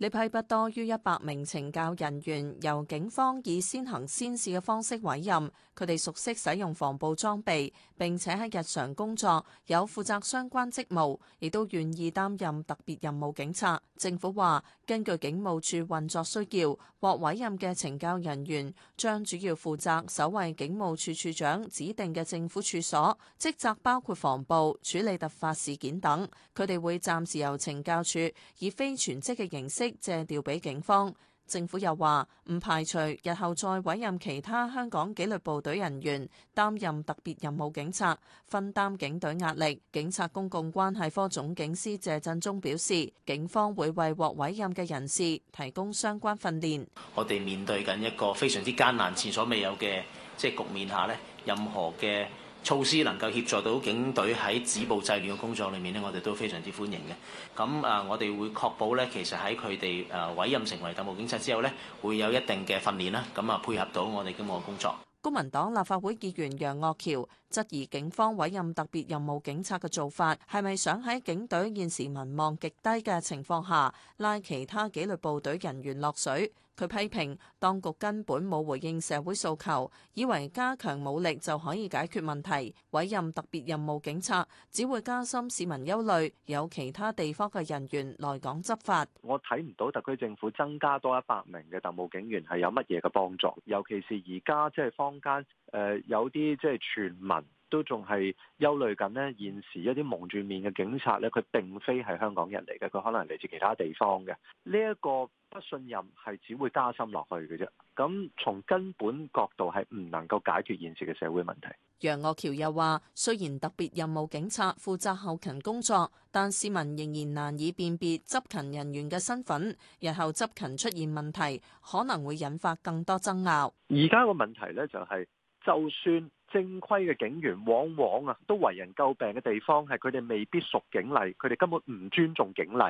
呢批不多於一百名懲教人員，由警方以先行先試嘅方式委任。佢哋熟悉使用防暴裝備，並且喺日常工作有負責相關職務，亦都願意擔任特別任務警察。政府話，根據警務處運作需要，獲委任嘅懲教人員將主要負責守衛警務處處長指定嘅政府處所，職責包括防暴、處理突發事件等。佢哋會暫時由懲教處以非全職嘅形式。借調俾警方，政府又話唔排除日後再委任其他香港紀律部隊人員擔任特別任務警察，分擔警隊壓力。警察公共關係科總警司謝振中表示，警方會為獲委任嘅人士提供相關訓練。我哋面對緊一個非常之艱難、前所未有嘅即局面下呢，任何嘅。措施能夠協助到警隊喺止暴制亂嘅工作裏面咧，我哋都非常之歡迎嘅。咁啊，我哋會確保咧，其實喺佢哋委任成為特務警察之後呢會有一定嘅訓練啦。咁啊，配合到我哋今日嘅工作。公民黨立法會議員楊岳橋質疑警方委任特別任務警察嘅做法係咪想喺警隊現時民望極低嘅情況下拉其他紀律部隊人員落水？佢批評當局根本冇回應社會訴求，以為加強武力就可以解決問題。委任特別任務警察，只會加深市民憂慮。有其他地方嘅人員來港執法，我睇唔到特區政府增加多一百名嘅特務警員係有乜嘢嘅幫助。尤其是而家，即係坊間誒有啲即係全民都仲係憂慮緊呢，現時一啲蒙住面嘅警察呢，佢並非係香港人嚟嘅，佢可能嚟自其他地方嘅呢一個。不信任係只會加深落去嘅啫，咁從根本角度係唔能夠解決現時嘅社會問題。楊岳橋又話，雖然特別任務警察負責後勤工作，但市民仍然難以辨別執勤人員嘅身份。日後執勤出現問題，可能會引發更多爭拗。而家個問題呢，就係、是，就算正規嘅警員，往往啊都為人詬病嘅地方係佢哋未必熟警例，佢哋根本唔尊重警例。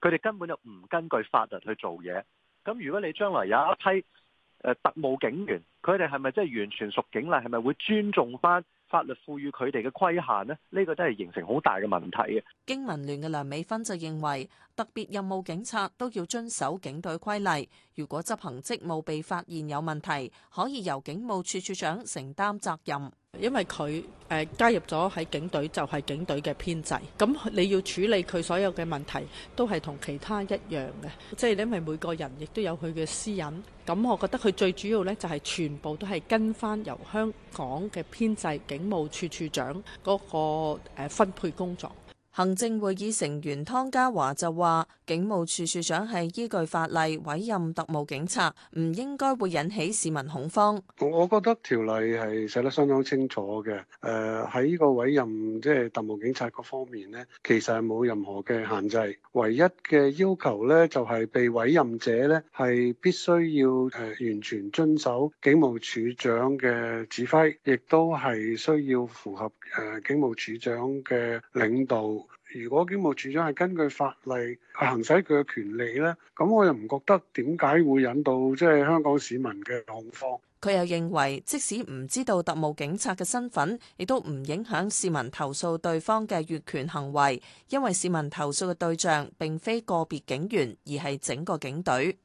佢哋根本就唔根據法律去做嘢。咁如果你將來有一批特務警員，佢哋係咪真係完全屬警例？係咪會尊重翻法律賦予佢哋嘅規限呢？呢個真係形成好大嘅問題嘅。經民聯嘅梁美芬就認為，特別任務警察都要遵守警隊規例。如果執行職務被發現有問題，可以由警務處處長承擔責任。因為佢誒加入咗喺警隊就係、是、警隊嘅編制，咁你要處理佢所有嘅問題都係同其他一樣嘅，即、就、係、是、因為每個人亦都有佢嘅私隱，咁我覺得佢最主要呢，就係全部都係跟翻由香港嘅編制警務處處長嗰個誒分配工作。行政會議成員湯家驊就話：警務處處長係依據法例委任特務警察，唔應該會引起市民恐慌。我覺得條例係寫得相當清楚嘅。誒喺呢個委任即係特務警察嗰方面呢，其實係冇任何嘅限制。唯一嘅要求呢，就係、是、被委任者呢係必須要誒完全遵守警務處長嘅指揮，亦都係需要符合誒警務處長嘅領導。如果警務處長係根據法例，去行使佢嘅權利呢，咁我又唔覺得點解會引到即係香港市民嘅恐慌。佢又認為，即使唔知道特務警察嘅身份，亦都唔影響市民投訴對方嘅越權行為，因為市民投訴嘅對象並非個別警員，而係整個警隊。